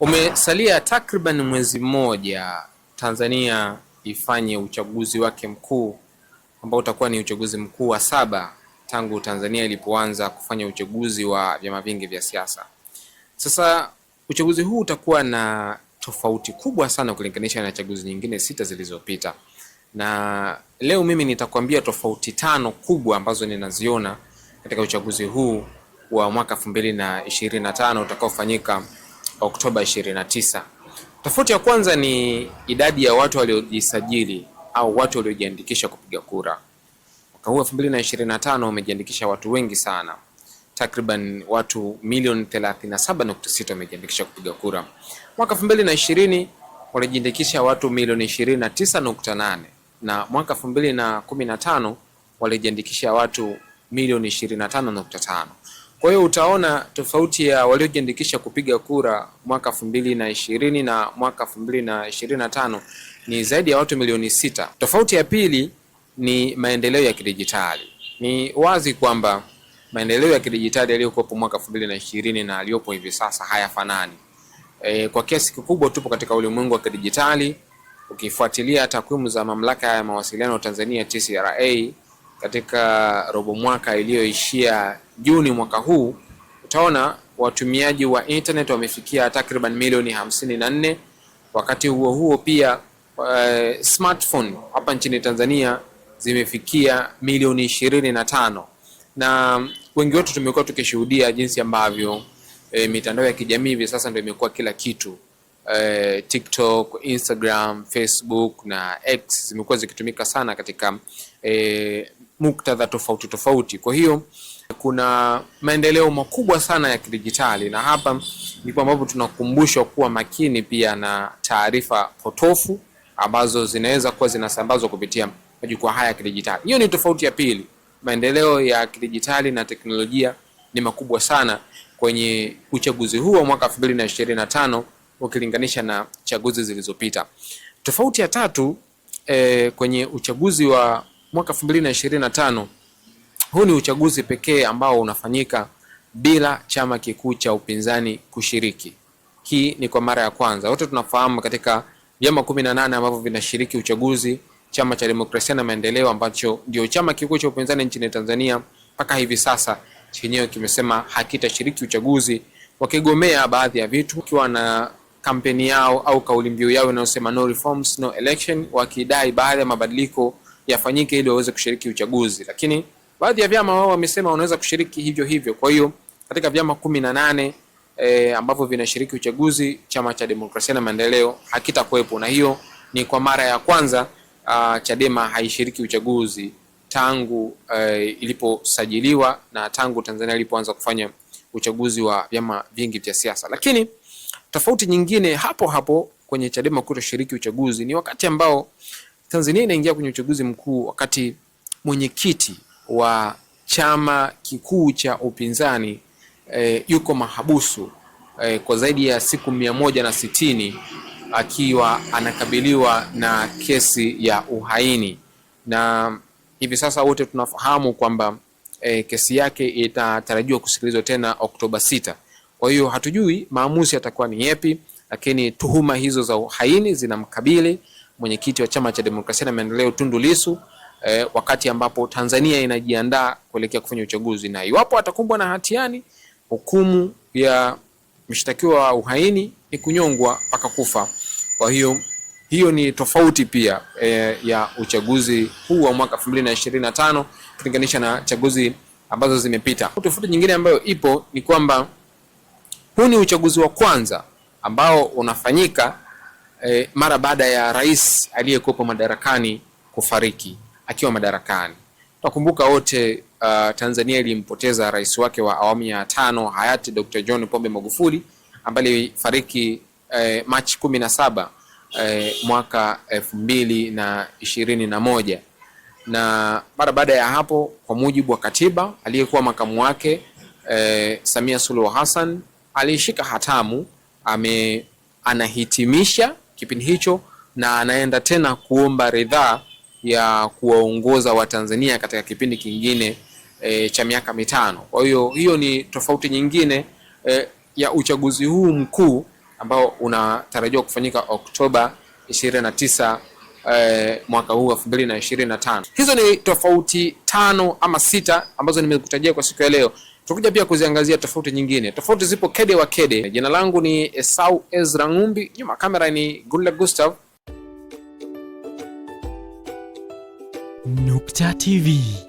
Umesalia takriban mwezi mmoja Tanzania ifanye uchaguzi wake mkuu ambao utakuwa ni uchaguzi mkuu wa saba tangu Tanzania ilipoanza kufanya uchaguzi wa vyama vingi vya siasa. Sasa uchaguzi huu utakuwa na tofauti kubwa sana ukilinganisha na chaguzi nyingine sita zilizopita, na leo mimi nitakwambia tofauti tano kubwa ambazo ninaziona katika uchaguzi huu wa mwaka 2025 utakaofanyika Oktoba 29. Tofauti ya kwanza ni idadi ya watu waliojisajili au watu waliojiandikisha kupiga kura. Mwaka huu 2025 wamejiandikisha watu wengi sana, takriban watu milioni 37.6 wamejiandikisha kupiga kura. Mwaka 2020 walijiandikisha watu milioni 29.8 na mwaka 2015 walijiandikisha watu milioni 25.5. Kwa hiyo utaona tofauti ya waliojiandikisha kupiga kura mwaka elfu mbili na ishirini na mwaka elfu mbili na ishirini na tano ni zaidi ya watu milioni sita. Tofauti ya pili ni maendeleo ya kidijitali. Ni wazi kwamba maendeleo ya kidijitali yaliyokuwepo mwaka elfu mbili na ishirini na aliyopo hivi sasa hayafanani. E, kwa kiasi kikubwa tupo katika ulimwengu wa kidijitali. Ukifuatilia takwimu za Mamlaka ya Mawasiliano Tanzania TCRA katika robo mwaka iliyoishia Juni mwaka huu utaona watumiaji wa internet wamefikia takriban milioni hamsini na nne. Wakati huo huo pia uh, smartphone hapa nchini Tanzania zimefikia milioni ishirini na tano na wengi wetu tumekuwa tukishuhudia jinsi ambavyo e, mitandao ya kijamii hivi sasa ndio imekuwa kila kitu. E, TikTok, Instagram, Facebook na X zimekuwa zikitumika sana katika e, muktadha tofauti tofauti. Kwa hiyo kuna maendeleo makubwa sana ya kidijitali, na hapa ndipo ambapo tunakumbushwa kuwa makini pia na taarifa potofu ambazo zinaweza kuwa zinasambazwa kupitia majukwaa haya ya kidijitali. Hiyo ni tofauti ya pili. Maendeleo ya kidijitali na teknolojia ni makubwa sana kwenye uchaguzi huu wa mwaka 2025 ukilinganisha na chaguzi zilizopita. Tofauti ya tatu eh, kwenye uchaguzi wa mwaka 2025 huu ni uchaguzi pekee ambao unafanyika bila chama kikuu cha upinzani kushiriki. Hii ni kwa mara ya kwanza. Wote tunafahamu katika vyama 18 ambavyo vinashiriki uchaguzi, chama cha demokrasia na maendeleo ambacho ndio chama kikuu cha upinzani nchini Tanzania mpaka hivi sasa, chenyewe kimesema hakitashiriki uchaguzi, wakigomea baadhi ya vitu, wakiwa na kampeni yao au kauli mbiu yao inayosema no reforms no election, wakidai baadhi ya mabadiliko yafanyike ili waweze kushiriki uchaguzi, lakini baadhi ya vyama wao wamesema wanaweza kushiriki hivyo hivyo. Kwa hiyo katika vyama kumi na nane e, ambavyo vinashiriki uchaguzi chama cha demokrasia na maendeleo hakitakuwepo, na hiyo ni kwa mara ya kwanza a, ah, Chadema haishiriki uchaguzi tangu e, iliposajiliwa na tangu Tanzania ilipoanza kufanya uchaguzi wa vyama vingi vya siasa. Lakini tofauti nyingine hapo hapo kwenye Chadema kutoshiriki uchaguzi ni wakati ambao Tanzania inaingia kwenye uchaguzi mkuu wakati mwenyekiti wa chama kikuu cha upinzani e, yuko mahabusu e, kwa zaidi ya siku mia moja na sitini akiwa anakabiliwa na kesi ya uhaini, na hivi sasa wote tunafahamu kwamba e, kesi yake itatarajiwa kusikilizwa tena Oktoba sita. Kwa hiyo hatujui maamuzi yatakuwa ni yepi, lakini tuhuma hizo za uhaini zinamkabili mwenyekiti wa chama cha demokrasia na maendeleo Tundu Lissu eh, wakati ambapo Tanzania inajiandaa kuelekea kufanya uchaguzi, na iwapo atakumbwa na hatiani, hukumu ya mshtakiwa wa uhaini ni kunyongwa mpaka kufa. Kwa hiyo hiyo ni tofauti pia eh, ya uchaguzi huu wa mwaka 2025 kulinganisha na chaguzi ambazo zimepita. Tofauti nyingine ambayo ipo ni kwamba huu ni uchaguzi wa kwanza ambao unafanyika eh, mara baada ya rais aliyekuwepo madarakani kufariki akiwa madarakani. Tunakumbuka wote uh, Tanzania ilimpoteza rais wake wa awamu ya tano hayati Dr. John Pombe Magufuli ambaye alifariki eh, Machi kumi na saba eh, mwaka elfu mbili na ishirini na moja na mara baada ya hapo, kwa mujibu wa katiba, aliyekuwa makamu wake eh, Samia Suluhu Hassan alishika hatamu ame anahitimisha kipindi hicho na anaenda tena kuomba ridhaa ya kuwaongoza Watanzania katika kipindi kingine e, cha miaka mitano. Kwa hiyo hiyo ni tofauti nyingine e, ya uchaguzi huu mkuu ambao unatarajiwa kufanyika Oktoba 29 e, mwaka huu 2025. Hizo ni tofauti tano ama sita ambazo nimekutajia kwa siku ya leo. Tutakuja pia kuziangazia tofauti nyingine. Tofauti zipo kede wa kede. Jina langu ni Esau Ezra Ng'umbi, nyuma kamera ni gule Gustav. Nukta TV.